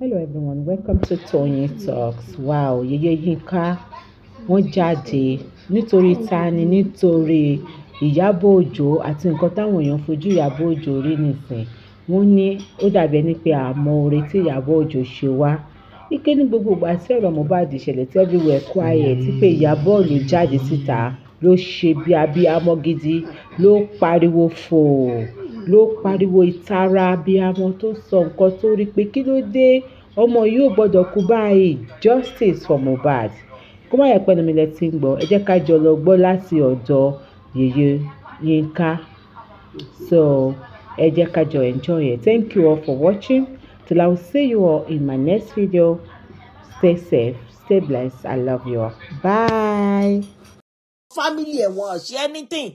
hello everyone welcome to Tony Talks wow Yeye Yinka wọ́n jáde nítorí ta ni nítorí Ìyábọ̀ Òjó àti nǹkan táwọn èèyàn fojú Ìyábọ̀ Òjó rí nìsín wọ́n ní ó dàbí ẹni pé àmọ́ oore tí Ìyábọ̀ Òjó ṣe wá ike ní gbogbo ìgbà tí ọ̀rọ̀ Mohbad ṣẹlẹ̀ tí everywhere quiet tí pé Ìyábọ̀ ló jáde síta ló ṣe bí abiyamọ gidi ló pariwo fòó ló pariwo ìtara abiyamọ tó sọ nǹkan tó rí pé kí ló dé ọmọ yìí ò gbọ́dọ̀ kú báyìí justice for Mohbad kó má yẹ pẹ́nu mi lẹ ti ń gbọ́ ẹ jẹ́ ká jọ lọ gbọ́ láti ọ̀dọ̀ yèyé Yínká so ẹ jẹ́ ká jọ enjoy it thank you all for watching till I will see you all in my next video stay safe stay blessed I love you all bye. family ẹ̀ ṣe anything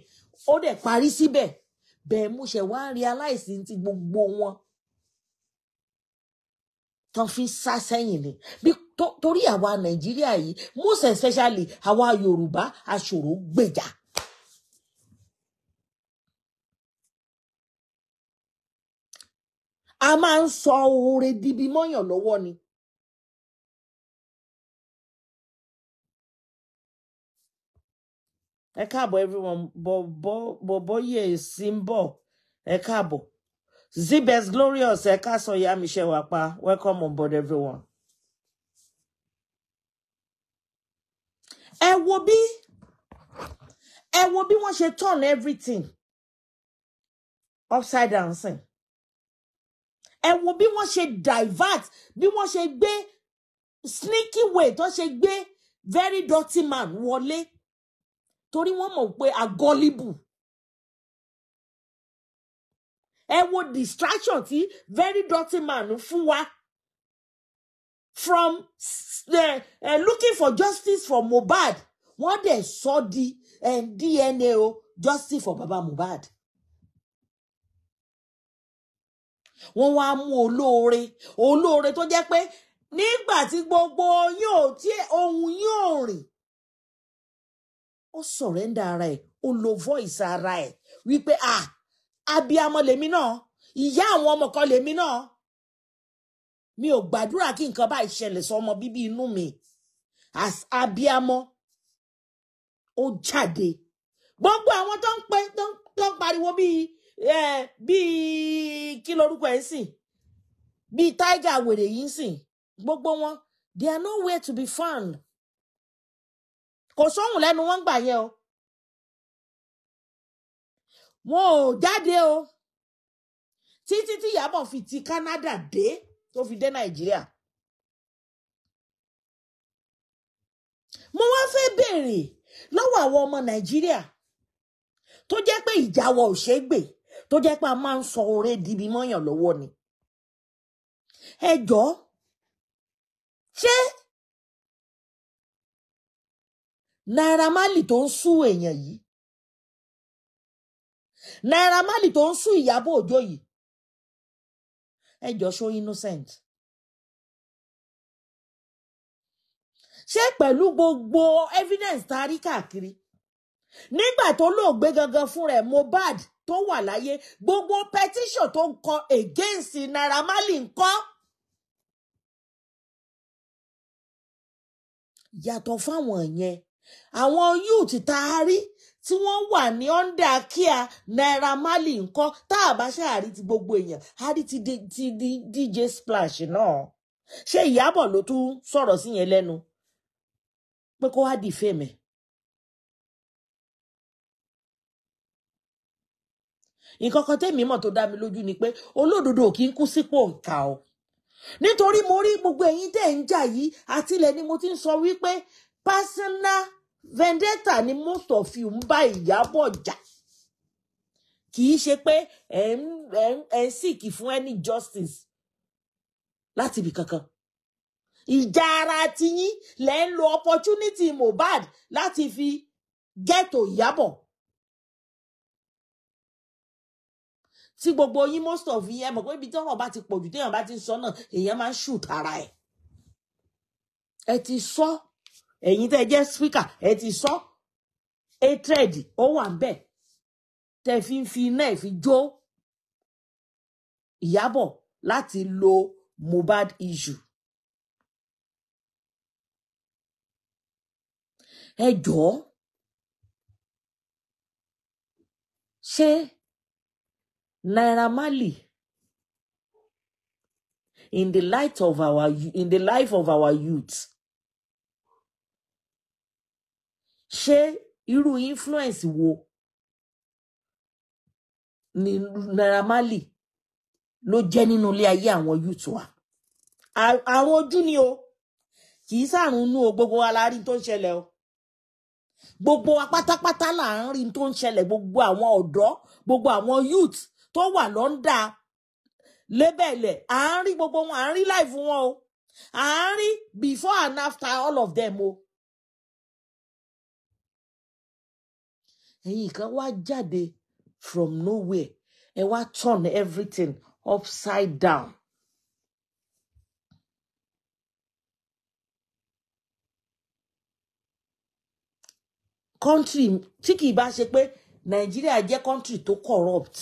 ó dẹ̀ parí síbẹ̀ bẹ́ẹ̀ mú ṣe wá ń rí aláìsí ti gbogbo wọn tán fi sá sẹ́yìn ni bí torí àwa nàìjíríà yìí most especially àwa yorùbá aṣòro gbèjà. a máa ń sọ oore dibi mọ́yàn lọ́wọ́ ni ẹ káàbọ̀ everyone bo bo bo sí ń bọ̀ ẹ káàbọ̀ zibes glorious ẹ káàsán ìyá mi ṣe welcome on board everyone. ẹ wo bí ẹ wo bí turn everything upside down sin ẹ wo bí wọ́n divert bí wọ́n ṣe gbé sneaky way tó ṣe gbé very dirty man Wole torí wọ́n mọ̀ pé agọ́líbù ẹ wo distraction tí very dirty man fún wa from uh, uh, looking for justice for Mohbad wọ́n dẹ̀ sọ di uh, eh, DNA o justice for baba Mohbad. wọ́n wá mú olóore olóore tó jẹ́ pé nígbà tí gbogbo yóò tí ohun yóò rìn ó sọ̀rẹ́ndà ara ẹ̀ ó lo voice ara ẹ̀ wípé à abiyamọ lèmi náà ìyá àwọn ọmọ kan lèmi náà mi ò gbàdúrà kí nǹkan bá ìṣẹ̀lẹ̀ sọmọ bíbí inú mi as abiyamọ ó jáde gbogbo àwọn tó ń pè tó ń pariwo bíi bíi kí lorúkọ ẹ̀ sìn bíi tiger wèrè yìí sìn gbogbo wọn they are nowhere to be found kò sóhùn lẹ́nu wọn gbà yẹ o wọn ò jáde o títí tí Ìyábọ̀ fi ti Canada dé tó fi dé Nàìjíríà mo wá fẹ́ béèrè lọ́wọ́ àwọn ọmọ Nàìjíríà tó jẹ́ pé ìjáwọ́ ò ṣeé gbè tó jẹ́ pé a máa ń sọ oore dibi mọ́yàn lọ́wọ́ ni ẹ jọ̀ọ́ ṣé Naira Marley tó ń sú èèyàn yìí Naira Marley tó ń sú Ìyábọ̀ Òjó yìí ẹ jọ ṣó innocent ṣé pẹ̀lú gbogbo evidence tá a rí káàkiri nígbà tó lóògbé gangan fún rẹ̀ Mohbad tó wà láyé gbogbo petition tó ń kọ against Naira Marley ń kọ́. yàtọ̀ fáwọn yẹn àwọn youth tá a rí tí wọ́n wà ní ọ́ndà kíá Naira Marley nǹkan tá a bá ṣe àrí ti gbogbo èèyàn a rí ti DJ Splash náà ṣé Ìyábọ̀ ló tún sọ̀rọ̀ sí yẹn lẹ́nu pé kó wá dìfẹ́mẹ̀. nǹkan kan tẹ́mi mọ̀ tó dá mi lójú ni pé olódodo kì í kú sípò nǹka o nítorí mo rí gbogbo ẹ̀yin tẹ́ ń jà yìí àtilẹ̀ ni mo ti ń sọ wípé personal vendetta ni most of you ń bá Ìyábọ̀ jà kì í ṣe pé ẹ̀ ń ẹ̀ ń ẹ̀ ń sìkì fún any justice láti ibì kankan ìjà ara tiyín lẹ́ ń lo opportunity Mohbad láti fi ghetto Ìyábọ̀ tí gbogbo yín most of yín ẹ mọ̀ pé ibi tí ọ̀rọ̀ bá ti pọ̀jù téèyàn bá ti sọ náà èèyàn máa ń ṣùtara ẹ̀ ẹ ti sọ. So, ẹ̀yin tẹ́ jẹ́ speaker ẹ ti sọ hatred ó wà ń bẹ̀ tẹ́ fi ń fi iná ẹ̀ fi jó Ìyábọ̀ láti lo Mohbad issue. ẹ jọ̀ọ́ ṣé Naira Marley in the light of our in the life of our youths. ṣé irú influence wo ni Naira Marley ló jẹ́ nínú ilé ayé àwọn youth wa àwọn ojú ni o kì í sàrùn inú o gbogbo wa la rí tó ń ṣẹlẹ̀ o gbogbo wa pátápátá là ń rí tó ń ṣẹlẹ̀ gbogbo àwọn ọ̀dọ́ gbogbo àwọn youth tó wà lọ́ndà lébẹ̀lẹ̀ à ń rí gbogbo wọn à ń rí live wọn o à ń rí before and after all of them o. ẹ̀yin kan wá jáde from nowhere ẹ wá turn everything upside down. country tí kì í bá ṣe pé nàìjíríà jẹ́ country tó corrupt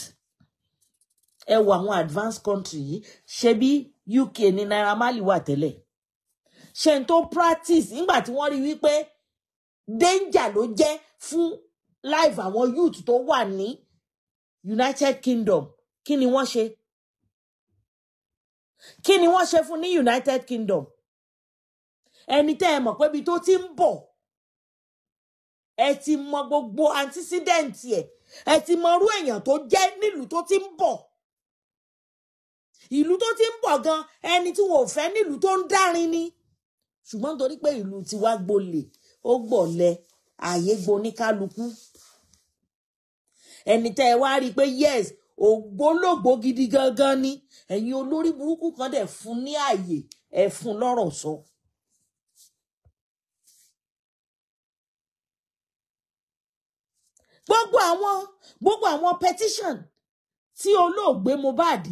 ẹ wo àwọn advanced country yìí ṣebí UK ní Naira Marley wà tẹ́lẹ̀ ṣe n tó practice nígbà tí wọ́n rí wípé danger ló jẹ́ fún live àwọn youth tó wà ní United Kingdom kí ni wọ́n ṣe kí ni wọ́n ṣe fún ní United Kingdom ẹni tẹ́ ẹ mọ̀ pé ibi tó ti ń bọ̀ ẹ ti mọ gbogbo antecedent ẹ̀ ẹ ti mọ irú èèyàn tó jẹ́ nílùú tó ti ń bọ̀ ìlú tó ti ń bọ̀ gan ẹni tí wọn ò fẹ́ nílùú tó ń dárin ni ṣùgbọ́n torí pé ìlú tiwa gbolè ó gbọ̀lẹ ààyè gboníkálukú ẹni tẹ́ ẹ wá rí i pé yes ògbólógbò gidi gangan ni ẹ̀yin olórí burúkú kan dẹ̀ fún ní ààyè ẹ̀ fún lọ́rọ̀ sọ. gbogbo àwọn gbogbo àwọn petition tí olóògbé Mohbad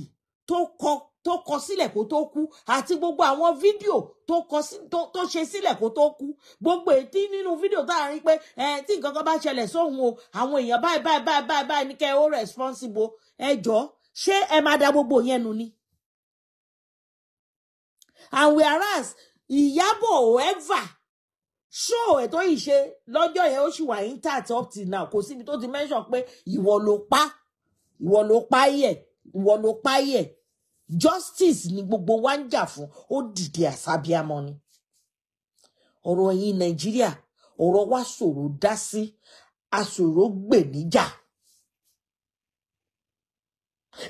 tó kọ tó kọ sílẹ̀ kó tó kú àti gbogbo àwọn fídíò tó kọ sí tó ṣe sílẹ̀ kó tó kú gbogbo ètí nínú fídíò tá à ń rí pé ẹ tí nǹkan kan bá ṣẹlẹ̀ sóhun o àwọn èèyàn báyìí báyìí báyìí báyìí báyìí ní kẹ́ ó responsible ẹ ṣé ẹ máa da gbogbo yẹn nu ni. and whereas Ìyábọ̀ however show ètò yìí ṣe lọ́jọ́ yẹn ó sì wà intact up till now kò síbi tó ti mention pé ìwọ ló pa ìwọ ló pa yẹ ìwọ ló pa yẹ justice ni gbogbo wa ń jà fún ó dìde àsábíàmọ ni ọ̀rọ̀ yìí nàìjíríà ọ̀rọ̀ wa ṣòro dá sí aṣòro gbè níjà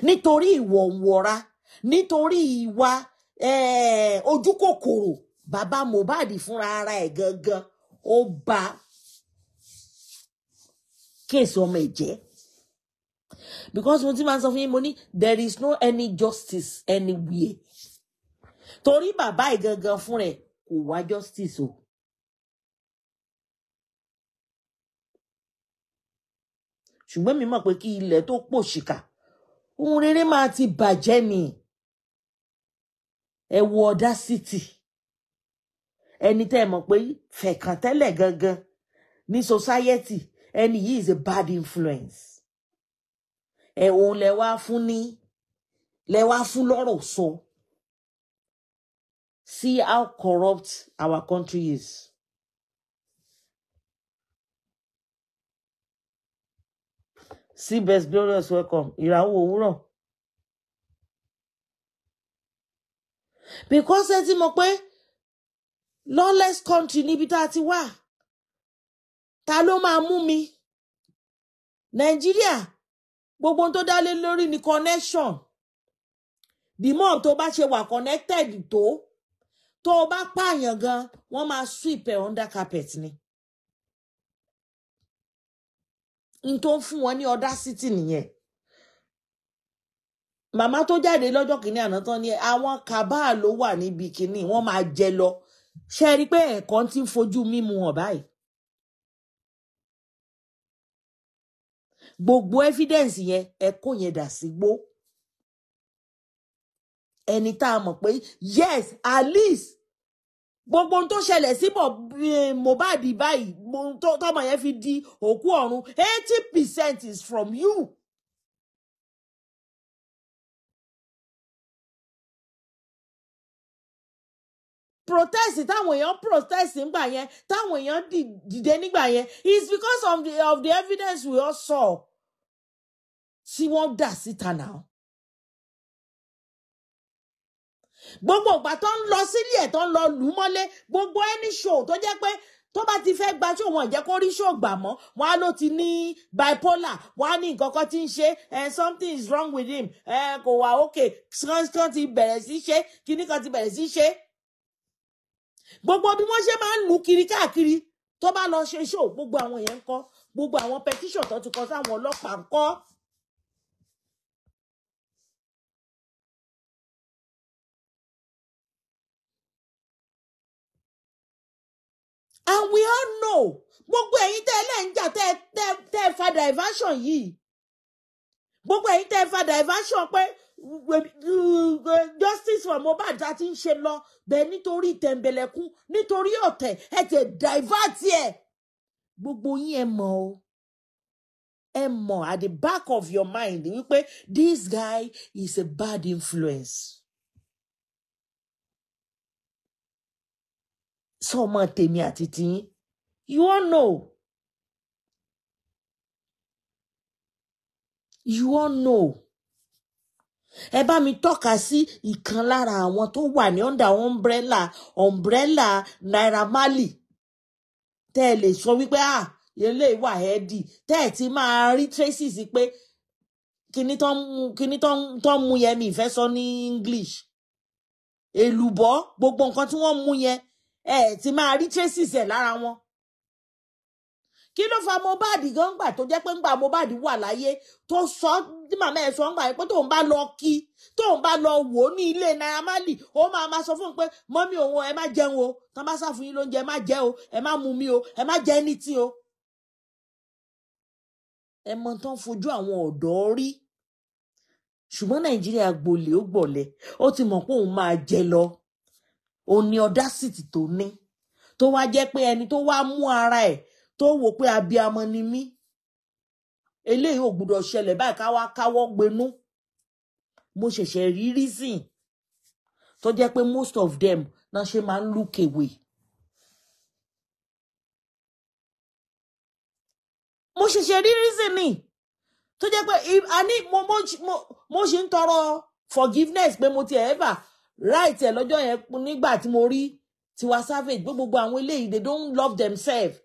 nítorí ìwọ̀nwọ̀ra nítorí ìwà eh, ojú bàbá Mohbad fúnra ara ẹ̀ gangan ó ba kéèsì ọmọ ẹ̀ jẹ́ because mo ti máa ń sọ fún yín mo ní there is no any justice anywhere torí bàbá ìgangan fún rẹ̀ kò wá justice o. ṣùgbọ́n mi mọ̀ pé kí ilẹ̀ tó pòṣìkà ohun rere máa ti bàjẹ́ ni ẹ wo audacity ẹni tẹ́ ẹ mọ̀ pé fẹ̀kàn gangan ní society ẹni yìí is a bad influence ẹ òun lẹ wá fún ní lẹ wá fún lọ́rọ̀ sọ see how corrupt our country is. See best glorious welcome ìràwọ̀ òwúrọ̀. because ẹ ti mọ̀ pé lawless country níbi tá a ti wà ta ló máa mú mi nàìjíríà gbogbo ohun tó dá lé lórí ni connection the more tó bá ṣe wà connected tó tó o bá pààyàn gan wọ́n máa sweep ẹ under carpet ni n tó ń fún wọn ní audacity nìyẹn màmá tó jáde lọ́jọ́ kìíní àná tán ni àwọn kábàá ló wà níbi kìíní wọ́n máa jẹ lọ ṣe rí i pé ẹ̀kọ́ ti ń fojú mímu hàn báyìí gbogbo evidence yẹn ẹ kó yẹn dà sí gbó ẹni tá a mọ̀ pé yes at least gbogbo ohun tó ṣẹlẹ̀ sí eh, Mohbad báyìí tọ́mọ yẹn fi di òkú ọ̀run eighty percent is from you. protest táwọn èèyàn protest nígbà yẹn táwọn èèyàn dìde nígbà yẹn is because of the, of the evidence we all saw tí wọ́n dà síta náà. gbogbo ìgbà tó ń lọ sílé ẹ̀ tó ń lọ lù ú mọ́lé gbogbo ẹni ṣò tó jẹ́ pé tó bá ti fẹ́ gba ṣó wọn jẹ́ kó rí ṣó gbà mọ́ wọn á ló ti ní bipolar wọn á ní nǹkan kan tí ń ṣe eh, something is wrong with him eh, kò wá okay kan ti bẹ̀rẹ̀ sí ṣe kíní kan ti bẹ̀rẹ̀ sí ṣe. gbogbo bí wọ́n ṣe máa ń lù kiri káàkiri tó bá lọ ṣe ṣó gbogbo àwọn yẹn ń kọ́ gbogbo àwọn petition tó ti kọ sáwọn ọlọ́pàá ń and we all know gbogbo ẹ̀yin tẹ́ ẹlẹ́ ń jà tẹ́ tẹ́ tẹ́ fa diversion yìí gbogbo ẹ̀yin tẹ́ fa diversion pé justice for Mohbad ta ti ń ṣe lọ bẹ́ẹ̀ nítorí tẹ̀m̀bẹ̀lẹ̀kún nítorí ọ̀tẹ̀ ẹ tẹ̀ divert ẹ̀ gbogbo yín ẹ mọ̀ o ẹ mọ̀ at the back of your mind wípé this guy is a bad influence. sọmọ tèmi àti tiyín you all know you all know ẹ bá mi tọ́ka sí ìkan lára àwọn tó wà ní under umbrella umbrella Naira Mali. tẹ́ ẹ lè sọ wípé ah eléyìí wà ẹ́ẹ́dì tẹ́ ẹ ti máa rí traces pé kíní tó ń mu kíní tó ń mu yẹn mi ìfẹ́ sọ ní English èlùbọ́ gbogbo nǹkan tí wọ́n mu yẹn ẹ ti máa rí traces ẹ̀ lára wọn kí ló fa Mohbad gan gbà tó jẹ́ pé ńgbà Mohbad wà láyé tó sọ tí màmá ẹ̀ sọ ńgbà yẹn pé tóun bá lọ kí tóun bá lọ wò ní ilé Naira Marley ó máa ma sọ fún un pé mọ́mí òun ẹ má jẹun o tán bá sáfún yín lóúnjẹ ẹ má jẹ o ẹ má mu mi o ẹ má jẹ ẹni tí o. ẹ mọ tán fojú àwọn ọ̀dọ́ rí ṣùgbọ́n Nàìjíríà gbolè ó gbọ̀lẹ̀ ó ti mọ̀ pé òun máa jẹ lọ. òun ni ọdásìtì tó ní tó wá jẹ́ pé ẹni tó wá mú ara e tó wò pé abiyamọ ni mí eléyìí ò gbúdọ̀ ṣẹlẹ̀ báyìí ká wá mo ṣẹ̀ṣẹ̀ rí reason tó je pé most of them náà ṣe máa ń look away. mo ṣẹ̀ṣẹ̀ rí reason ni tó je pé a ní mo ṣe ń tọrọ forgiveness pé mo ti ẹ̀ ever right ẹ̀ lọ́jọ́ yẹn nígbà tí mo rí Tiwa Savage gbogbo àwọn eléyìí they don't love themselves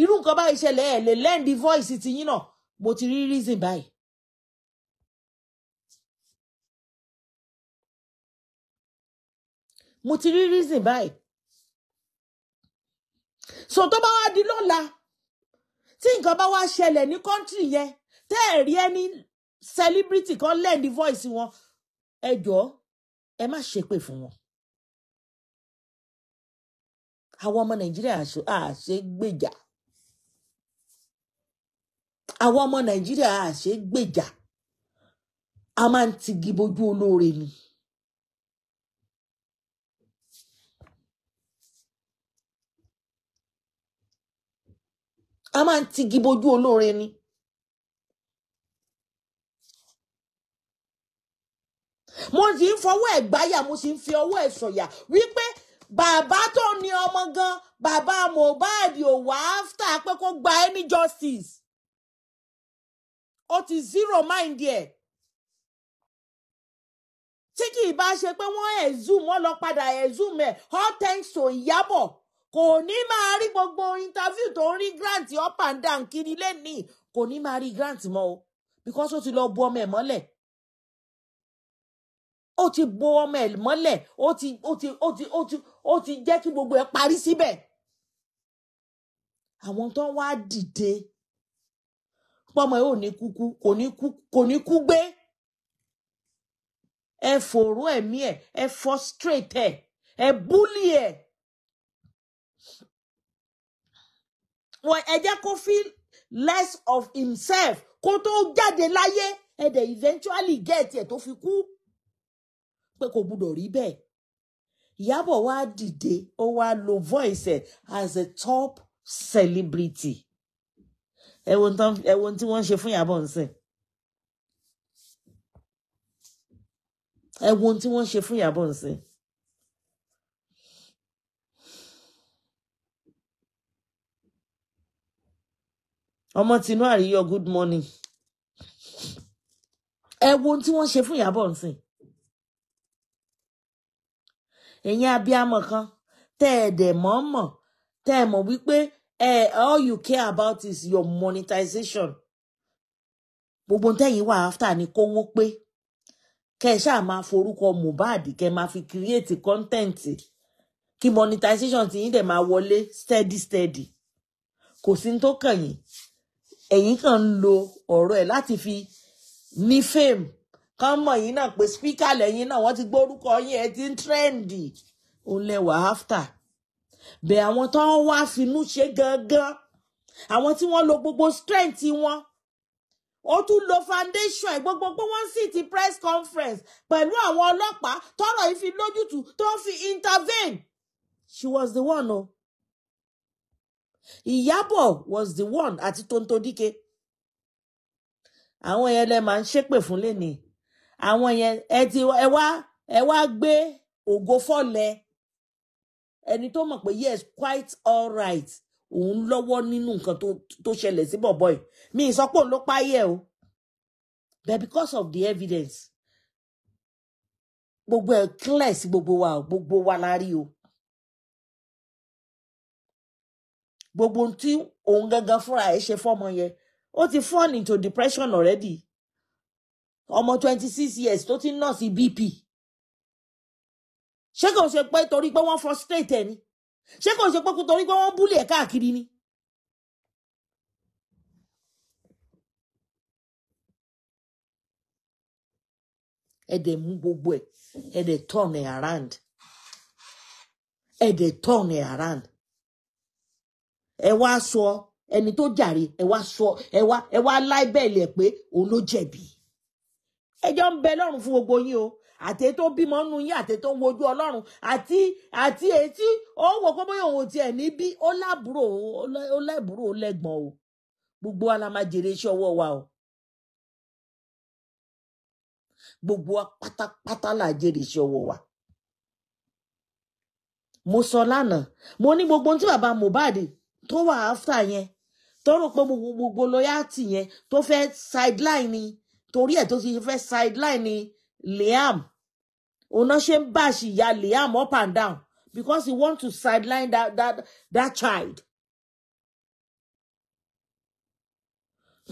irú nǹkan báyìí ṣẹlẹ̀ ẹ̀ lè learn the voice ti yín náà mo ti rí reason báyìí. mo ti rí reason báyìí. so tó bá wá di lọ́la tí nǹkan bá wá ṣẹlẹ̀ ní country yẹn tẹ́ ẹ̀ rí ẹni celebrity kan learn the voice wọn ẹ jọ̀ọ́ ẹ má ṣépè fún wọn àwọn ọmọ nàìjíríà àṣẹ gbèjà àwọn ọmọ nàìjíríà àṣẹ gbèjà a máa ń tigi bojú olóore ni. a máa ń tigi bojú olóore ni. mo sì ń fọwọ́ ẹ̀ gbáyà mo sì ń fi ọwọ́ ẹ̀ sọ̀yà wípé bàbá tó ní ọmọ gan bàbá Mohbad ò wá áfítà pé kó gba any justice ó ti zero mind ẹ̀ tí kì í bá ṣe pé wọ́n ẹ̀ zoom wọ́n lọ padà ẹ̀ zoom ẹ̀ all thanks to Ìyábọ̀ kò ní máa rí gbogbo interview tó ń rí grant up and down kiri lẹ́nìí kò ní máa rí grant mọ́ o because ó ti lọ bu ọmọ ẹ̀ mọ́lẹ̀ ó ti bo ọmọ ẹ̀ mọ́lẹ̀ ó ti ó ti ó ti ó ti ó ti jẹ́ kí gbogbo ẹ̀ parí síbẹ̀ àwọn tó wá dìde pọ́mọ ẹ̀ ò ní kúkú kò ní kú kò ní kú gbé ẹ fòró ẹ̀mí ẹ̀ ẹ frustrate ẹ̀ ẹ búlì ẹ̀ wọ́n ẹ jẹ́ kó feel less of himself kó tó jáde láyé ẹ dẹ̀ eventually get ẹ̀ tó fi kú pé kò gbúdọ̀ rí bẹ́ẹ̀ Ìyábọ̀ wá dìde ó wá lo voice as a top celebrity ẹ wo ohun tí wọ́n ń ṣe fún Ìyábọ̀ nsìn ẹ wo ohun tí wọ́n ń ṣe fún Ìyábọ̀ nsìn. ọmọ tinú àríyọ good morning ẹ wo ohun tí wọ́n ṣe fún Ìyábọ̀ nsìn ẹ̀yin abiyamọ kan tẹ́ ẹ̀ dẹ̀ mọ̀ mọ̀ tẹ́ ẹ̀ mọ̀ wípé all you care about is your monetization gbogbo tẹ́yìn wà after ni kówó pé kẹ́ ẹ ṣáà máa forúkọ Mohbad kẹ́ ẹ máa fi create content kí monetization ti yín dẹ̀ máa wọlé steady steady kò sí tó kàn yín ẹ̀yin kàn ń lo ọ̀rọ̀ ẹ̀ láti fi ní fame kán mọ̀ yín náà pé spíkà lẹ́yìn náà wọ́n ti gbórúkọ yín ẹ ti ń tírẹ́ǹdì òun lẹ́wà áfítà bẹ̀ àwọn tó ń wá finú ṣe gangan àwọn tí wọ́n lo gbogbo strength wọn ó tún lo foundation ẹ̀ gbogbo pé wọ́n sì ti press conference pẹ̀lú àwọn ọlọ́pàá tọ́rọ̀ yìí fi lójútùú tó ń fi intervene she was the one o. Oh. Ìyábọ̀ was the one àti Tonto Dike àwọn yẹn lẹ máa ń ṣépè fún lẹ́nìí àwọn yẹn ẹ ti ẹ wá ẹ wá gbé ògo fọlẹ ẹni tó mọ̀ pé yes quite all right òun lọ́wọ́ nínú nǹkan tó ṣẹlẹ̀ sí bọ̀bọ̀ yìí mi sọ pé òun ló páyé o but because of the evidence gbogbo ẹ̀ clear sí gbogbo wa gbogbo wa la rí o gbogbo ohun tí òun gangan fúnra ẹ̀ ṣe fọ́mọ yẹn ó ti fall into depression already ọmọ twenty six years tó ti ń nọ́ọ̀sì bp ṣé kò ṣe pé torí pé wọ́n frustrate ẹ̀ ni ṣé kò ṣe pé torí pé wọ́n búlẹ̀ káàkiri ni. ẹ dẹ̀ mú gbogbo ẹ̀ ẹ dẹ̀ turn ẹ̀ around ẹ dẹ̀ turn ẹ̀ around ẹ wá sọ ẹni tó jàre ẹ wá sọ ẹ wá ẹ wá láìbẹ̀lẹ̀ pé òun ló jẹ̀bi ẹjọ́ ń bẹ lọ́rùn fún gbogbo yín o àti tó bímọ nù yín àti tó ń wojú ọlọ́run àti àti ètí ó wò pé bóyá òun tiẹ̀ ní bí ó lábúrò ó lẹ́bùrò ó lẹ́gbọ̀n o gbogbo wa la máa jèrè iṣẹ́ ọwọ́ wa o gbogbo wa pátápátá la jèrè iṣẹ́ ọwọ́ wa mo sọ lánàá mo ní gbogbo ohun tí bàbá Mohbad tó wà áfítà yẹn tó rò pé gbogbo lóyàtì yẹn tó fẹ́ sideline ni torí ẹ̀ tó ti fẹ́ sideline ni Liam òun náà ṣe ń báṣì ìyá Liam up and down because he want to sideline that that that child.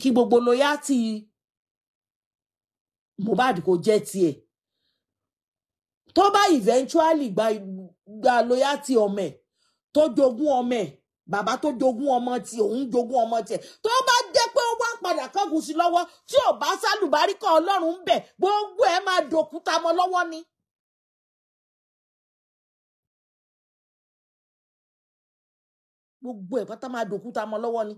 kí gbogbo loyalty Mohbad kò jẹ́ tiẹ̀ tó bá eventually gba gba loyalty ọmọ ẹ̀ tó jogún ọmọ ẹ̀ bàbá tó jogún ọmọ tí òun jogún ọmọ tiẹ̀ tó bá dé kọ́gùn sí lọ́wọ́ tí ò bá sálùbáríkà ọlọ́run ń bẹ̀ gbogbo ẹ̀ máa dòkúta mọ́ lọ́wọ́ ni. gbogbo ẹ̀ pátá máa dòkúta mọ́ lọ́wọ́ ni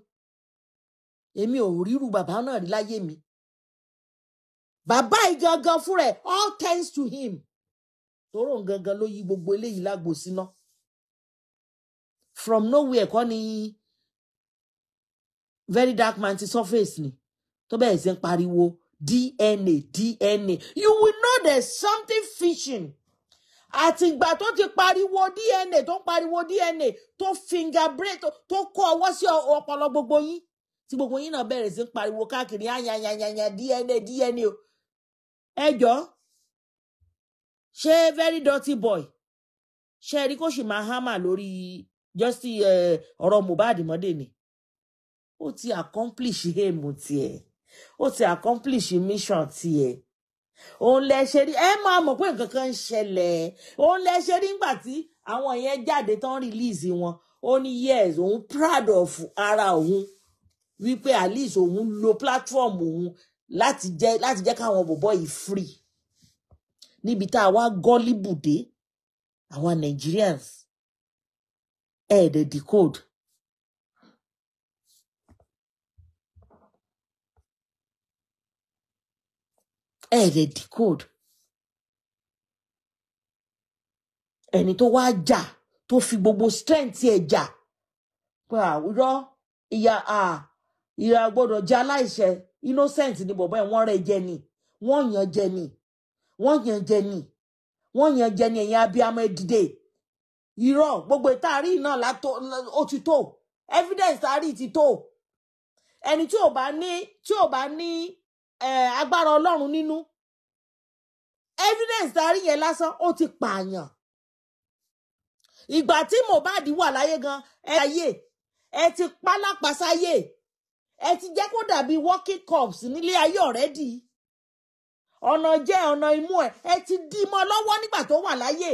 èmi ò ríru bàbá náà rí láyé mi bàbá yìí gangan fúnra all thanks to him tóró gangan ló yí gbogbo eléyìí lágbo síná from nowhere kọ́ ni very dark man ti surface ni tó bẹ̀rẹ̀ sí ń pariwo DNA DNA you will know there's something fishing àtìgbà tó ti pariwo DNA tó ń pariwo DNA tó fingerprint tó kó ọwọ́ sí ọpọlọ gbogbo yín tí gbogbo yín náà bẹ̀rẹ̀ sí ń pariwo káàkiri ayanyanyanya DNA DNA o ẹ jọ ṣé very dirty boy ṣe rí kó sì máa hámà lórí jọ́sí eh, ọ̀rọ̀ Mohbad mọ́dé ni ó ti accomplish aim tiẹ̀. E ó ti accomplish mission tiẹ̀ òun lẹ ṣe rí ẹ máa mọ̀ pé nǹkan kan ń ṣẹlẹ̀ òun lẹ ṣe rí nígbà tí àwọn yẹn jáde tán release wọn ó ní yes òun proud of ara òun wípé at least òun lo platform òun láti jẹ́ láti jẹ́ káwọn bọ̀bọ̀ yìí free níbi tá a wá gọ́líbùdé àwọn Nigerians ẹ̀ dẹ̀ decode ẹ̀ lè decode ẹni tó wá jà tó fi gbogbo strength ẹ̀ jà pé àwùjọ ìyá ìyá gbọ́dọ̀ jẹ́ aláìṣẹ̀ innocent ni bọ̀bọ́ ẹ̀ wọ́n rẹ̀ jẹ ni wọ́n yàn jẹ ni wọ́n yàn jẹ ni wọ́n yàn jẹ ni ẹ̀yin abiyamọ ẹ̀dìdè irọ́ gbogbo ìtaari náà látó ó ti tó evidence taari ti tó ẹni tí ò bá ní tí ò bá ní Eh, agbára ọlọ́run nínú evidence darí yẹn lásán ó ti pààyàn ìgbà tí Mohbad wà láyé gan ẹ ayé ẹ ti pálápasáyé ẹ ti jẹ́ kó dàbí walking corpse nílé ayé already ọ̀nà jẹ́ ọ̀nà imú ẹ̀ ẹ ti dì mọ́ lọ́wọ́ nígbà tó wà láyé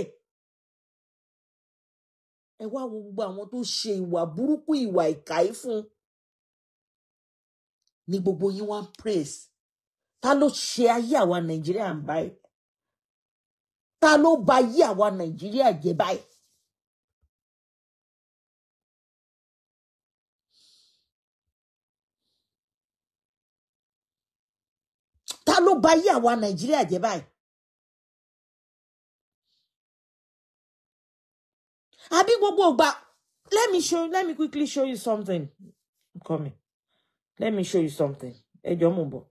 ẹ wá wo gbogbo àwọn tó ṣe ìwà burúkú ìwà ìkàyí fún ní gbogbo yín wá praise ta ló ṣe ayé àwa nàìjíríà ń báyìí ta ló ba ayé àwa nàìjíríà jẹ́ báyìí. ta ló ba ayé àwa nàìjíríà jẹ́ báyìí. àbí gbogbo ìgbà let me show let me quickly show you something I'm coming let me show you something ẹ jọ mú bọ̀.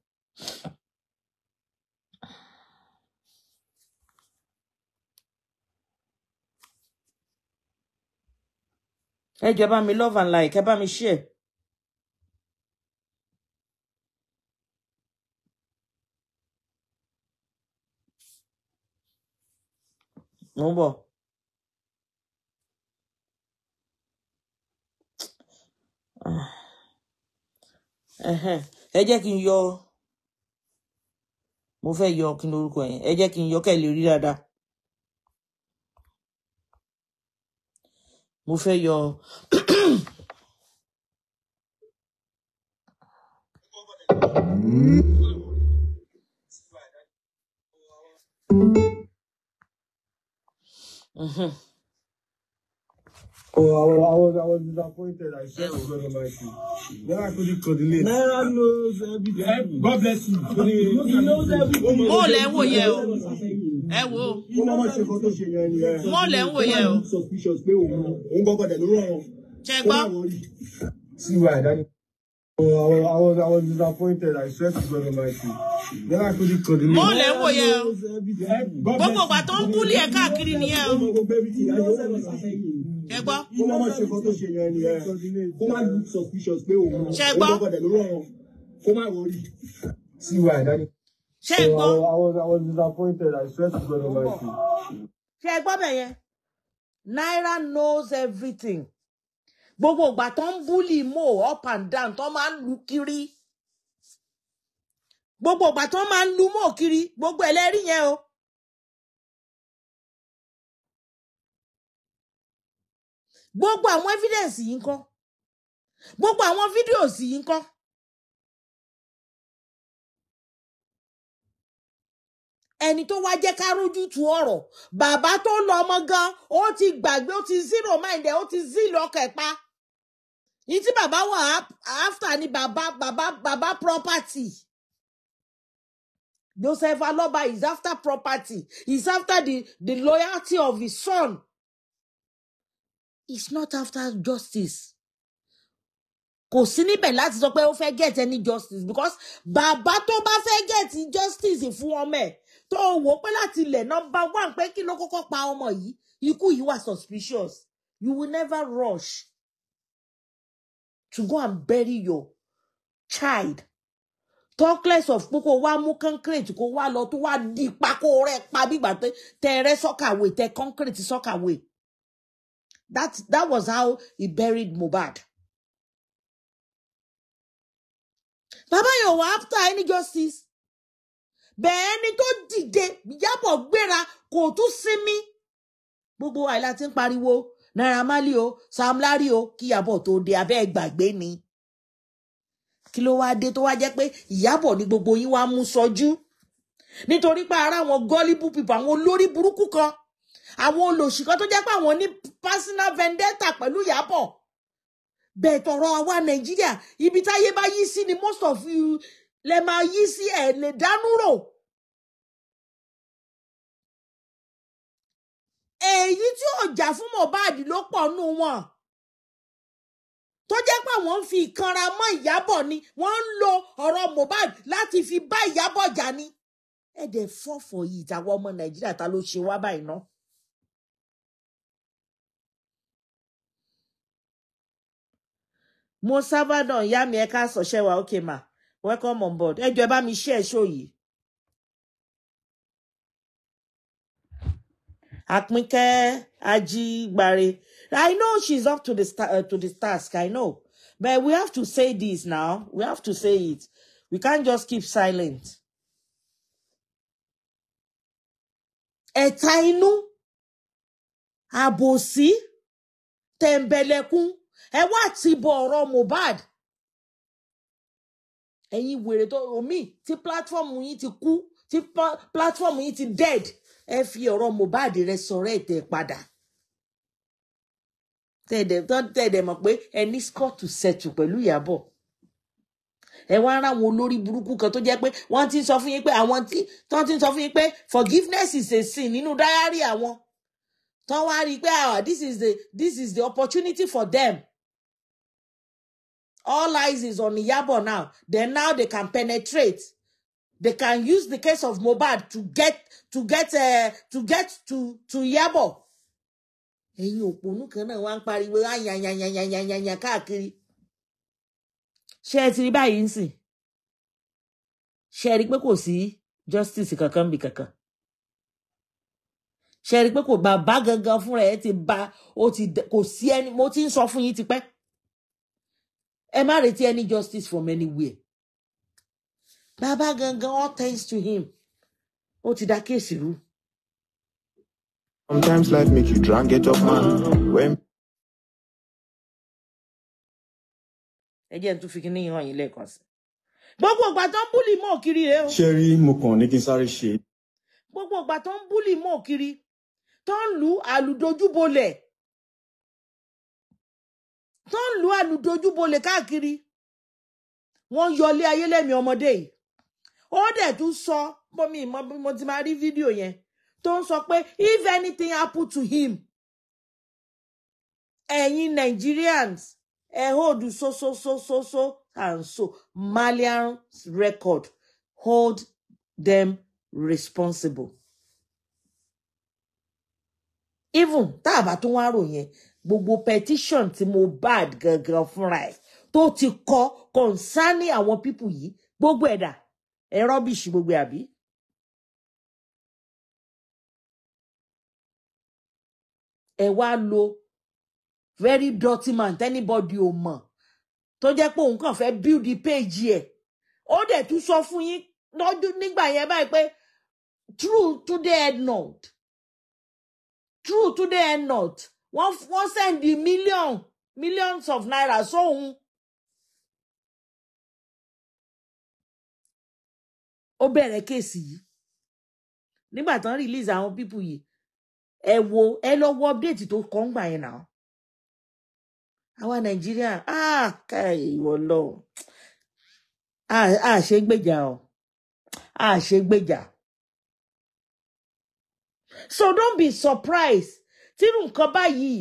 Hey, jẹ́ me love and like ẹ bá mi share. mo ń bọ̀. ẹ jẹ́ kí n yọ mo fẹ́ yọ kí n lórúkọ yẹn ẹ jẹ́ kí n yọ kẹ́ lè rí dáadáa. mo fẹ́ yọ Mm-hmm. Oh, I was, I was, disappointed. I said it's not Almighty. Then I couldn't coordinate. Naira knows everything. God bless you. He knows everything. Mo lẹ ń wò yẹ o. Ẹ wo. Mo máa ṣe nǹkan tó ṣe yẹn ni ẹ. Mo lẹ ń wò yẹ o. Suspicious pé òun òun gbọ́? See why I was, I was disappointed. I swear to God Almighty. Then I couldn't coordinate. Mo lẹ ń wò yẹ o. Gbogbo ìgbà tó ń kúlẹ̀ káàkiri nìyẹn o. ẹ gbọ́. kó má ṣe nǹkan tó ṣe yẹn ni kó má look suspicious pé òun ó lọ́gọ̀dẹ̀ lórí ọ̀run kó má wọrí. sí wa ẹ̀ dání. gbọ́. I was I was disappointed I to gbọ́ bẹ̀ yẹn Naira knows everything gbogbo ìgbà tó ń búlì up and gbogbo àwọn evidence yìí ń kọ́ gbogbo àwọn videos yìí ń kọ́ ẹni tó wá jẹ́ ká rójú tu ọ̀rọ̀ bàbá tó lọ ọmọ gan ó ti gbàgbé ó ti zero mind ẹ̀ ó ti zero ọkọ̀ ẹ̀ pa yìí tí bàbá wà after ni bàbá bàbá bàbá property Joseph Aloba is after property is after the the loyalty of his son it's not after justice kò sí níbẹ̀ láti sọ pé ó fẹ́ get any justice because bàbá tó bá fẹ́ get justice fún ọmọ ẹ̀ tó wò pé láti ilẹ̀ number one pé kí ló kọ́kọ́ pa ọmọ yìí ikú yìí wà suspicious you will never rush to go and bury your child talk less of pé kó wá mú concrete kó wá lọ tó wá di pa kó rẹ pa bí ìgbà tẹ rẹ sọ́kàwé tẹ concrete sọ́kàwé. So That, that was how he buried Mubad. Bàbá yẹn after any justice. Bẹ́ẹ̀ ni tó dìde Ìyábọ̀ gbéra kò tún sinmi. Gbogbo àìlá ti ń pariwo Naira Marley o Sam Larry o kí Ìyábọ̀ tó dé abẹ́ ìgbàgbé ni. Kí ló wáá dé tó wáá jẹ́ pé Ìyábọ̀ ni gbogbo yín wá mú sọjú. Nítorí pé ara àwọn gọ́líbù pípọ̀ àwọn olórí burúkú kan àwọn olóṣìkan tó jẹ́ pé àwọn ní personal vendetta pẹ̀lú Ìyábọ̀ bẹ́ẹ̀ tọrọ àwa Nàìjíríà ibi táyé bá yí sí ni most of you lè máa yí sí ẹ̀ lè dánú rò. èyí tí ò jà fún Mohbad ló pọ̀ nù wọn tó jẹ́ pé wọ́n ń fi ìkanra mọ́ Ìyábọ̀ ni wọ́n ń lo ọ̀rọ̀ Mohbad láti fi bá Ìyábọ̀ jà ni. ẹ dẹ̀ fọ́fọ̀ yìí ìtàwọn ọmọ Nàìjíríà ta ló ṣe wá báyìí náà. mo sábàdàn ìyá mi ẹ ká sọ̀ṣẹ́ wa okay ma welcome on board ẹjọ́ ẹ bá mi share show yìí. Akpinke Ajigbare. I know she's up to the uh, to the task. I know, but we have to say this now. We have to say it. We can't just keep silent. Ẹ̀ta inú, àbòsí, tẹ̀m̀bẹ̀lẹ̀kún, ẹ wá ti bọ ọ̀rọ̀ Mohbad ẹ̀yin wèrè tó omi tí platform yín ti kú tí platform yín ti dead ẹ fi ọ̀rọ̀ Mohbad resurrect ẹ padà tẹ̀dẹ̀ mọ̀ pé ẹ ní scott settle pẹ̀lú Ìyábọ̀ ẹ wá ara wọn olórí burúkú kan tó jẹ́ pé wọ́n ti ń sọ fún yín pé àwọn tí wọ́n ti ń sọ fún yín pé forgiveness is a sin nínú diary àwọn tán wá rí pé ah this is the this is the opportunity for them All eyes is on Yabo now. Then now they can penetrate. They can use the case of Mohbad to get to get uh, to get to to Yabo. Ẹ̀yin òpònú kan náà wá ń pariwo ayanyanyanyanyanyanyan káàkiri. Ṣé ẹ ti rí báyìí nsìn? Ṣé ẹ rí pé kò sí justice kankan bí kankan? Ṣé ẹ rí pé kò bàbá gangan fúnra ẹ ti ba ó ti kò sí ẹni mo ti ń sọ fún yín tipẹ́ ẹ má retí any justice from anywhere bàbá gangan all thanks to him ó ti dá kéèsì rú. sometimes life make you try get up man. When... ẹ jẹ́ n tún fi kíní hàn yín lẹ́ẹ̀kan sí. gbogbo ìgbà tó ń búlì mọ́ kiri rèé o. ṣé mo kàn ní kí n sáré ṣe. gbogbo ìgbà tó ń búlì mọ́ kiri tó ń lu àlùdojúbolẹ̀ tó ń lu àlùdojúbolè káàkiri wọ́n yọlé ayé lẹ́mìí ọmọdé yìí ó dẹ̀ tún sọ bómi ìmọ̀ bí mo ti máa rí fídíò yẹn tó ń sọ pé if anything happen to him ẹ̀yin Nigerians ẹ hold so so so so so and so Malian record hold them responsible even tá a bá tún wá rò gbogbo petition tí mo bad gangan fúnra ẹ̀ tó ti kọ kọ̀nsáni àwọn pípù yìí gbogbo ẹ̀dà ẹ̀ rọ́bìṣì gbogbo àbí. ẹ wá lo very dirty man tẹ́nibọ́dì ò mọ̀ tó jẹ́ pé òun kàn fẹ́ build the page ẹ̀ ó dẹ̀ tún sọ fún yín lọ́dún nígbà yẹn báyìí pé true today and not true today and not wọ́n wọ́n sẹ́ndì million millions of naira sóhun. ó bẹ̀rẹ̀ kéèsì yìí nígbà tán release àwọn pípù yìí ẹ wo ẹ lọ wo update tó kọ́ ń gbà yẹn náà àwa nàìjíríà ah káyé ìwọ lọ a ṣe gbèjà o a ṣe gbèjà so don't be surprised tírù nǹkan báyìí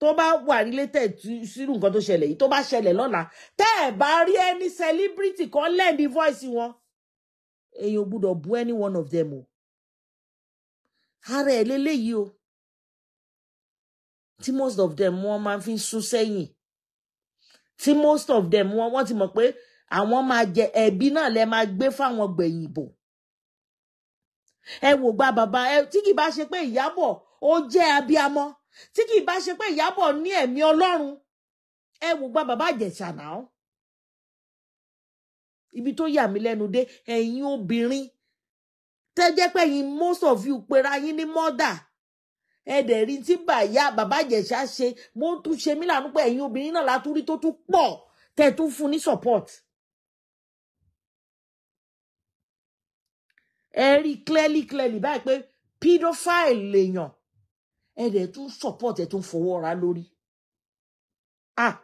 tó bá wà related sírù nǹkan tó ṣẹlẹ̀ yìí tó bá ṣẹlẹ̀ lọ́la tẹ́ ẹ̀ bá rí ẹni celebrity kan lẹ́ẹ̀ni voice wọn èèyàn ò gbúdọ̀ bú any one of them o ara ẹ̀ lélẹ́yìí o tí most of them wọ́n máa fi sún sẹ́yìn tí most of them wọ́n wọ́n ti mọ̀ pé àwọn máa jẹ ẹ̀bí náà lẹ máa gbé fáwọn gbẹ̀yìn bò ẹ wò gba bàbá ẹ tí kì bá ṣe pé Ìyábọ̀ ó jẹ́ abiamọ tí kì í bá ṣe pé Ìyábọ̀ ní ẹ̀mí Ọlọ́run ẹ wò gba bàbá Ìjẹ̀ṣà náà ibi tó yà mí lẹ́nu dé ẹ̀yin obìnrin tẹ́ pé ẹ̀yin most of you pera yín ní mọ́dà ẹ dẹ̀ rí tí bàyá bàbá Ìjẹ̀ṣà ṣe mo tún ṣe mí lànà pé ẹ̀yin obìnrin náà látúrí tó tún pọ̀ tẹ́ tún fún ní support. ẹ rí clearly clearly báyìí pé pedophile lèèyàn ẹ dẹ̀ tún support ẹ̀ tún fọwọ́ ra lórí ah